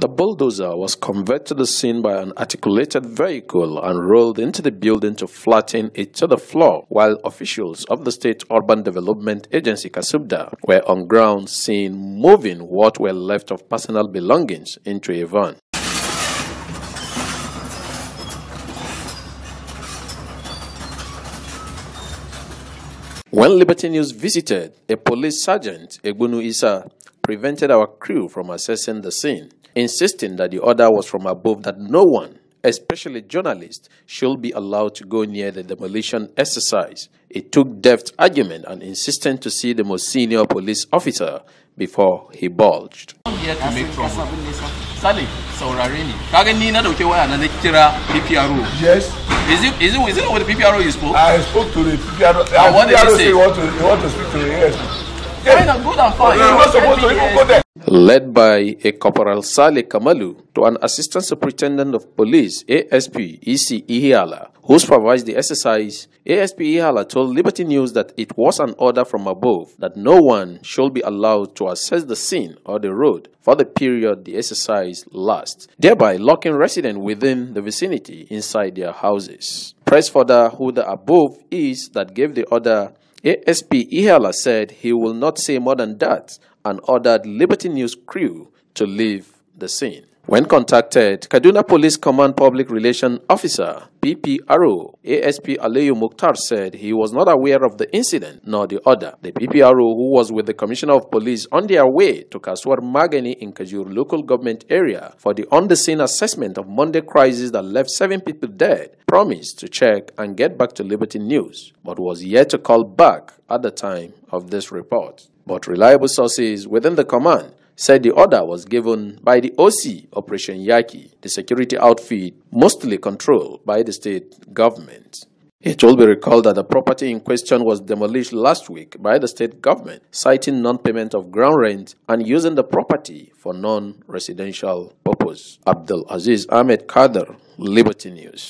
The bulldozer was conveyed to the scene by an articulated vehicle and rolled into the building to flatten it to the floor, while officials of the State Urban Development Agency Kasubda were on ground seen moving what were left of personal belongings into a van. When Liberty News visited, a police sergeant, Egunu Isa, prevented our crew from assessing the scene, insisting that the order was from above that no one, especially journalists, should be allowed to go near the demolition exercise. It took deft argument and insistence to see the most senior police officer before he bulged. I'm here to make trouble. Sally, Yes. Is it is it is it with the PPRO you spoke? I spoke to the PPRO. And, ah, and what PPRO did they say? say you want to you want to speak to the ASP. Yes. Why not go that far? You're not supposed to even go there. led by a Corporal Sale Kamalu to an Assistant Superintendent of Police, ASP EC Ihiala, who supervised the exercise, ASP Ihala told Liberty News that it was an order from above that no one should be allowed to assess the scene or the road for the period the exercise lasts, thereby locking residents within the vicinity inside their houses. Press further who the above is that gave the order. ASP Ihala said he will not say more than that and ordered Liberty News crew to leave the scene. When contacted, Kaduna Police Command Public Relation Officer PPRO ASP Aliyu Mukhtar said he was not aware of the incident nor the order. The PPRO, who was with the Commissioner of Police on their way to Kaswar Magani in Kajur local government area for the on-the-scene assessment of Monday crisis that left seven people dead, promised to check and get back to Liberty News, but was yet to call back at the time of this report. But reliable sources within the command said the order was given by the OC Operation Yaki, the security outfit mostly controlled by the state government. It will be recalled that the property in question was demolished last week by the state government, citing non-payment of ground rent and using the property for non-residential purpose. Abdul Aziz Ahmed Kader, Liberty News.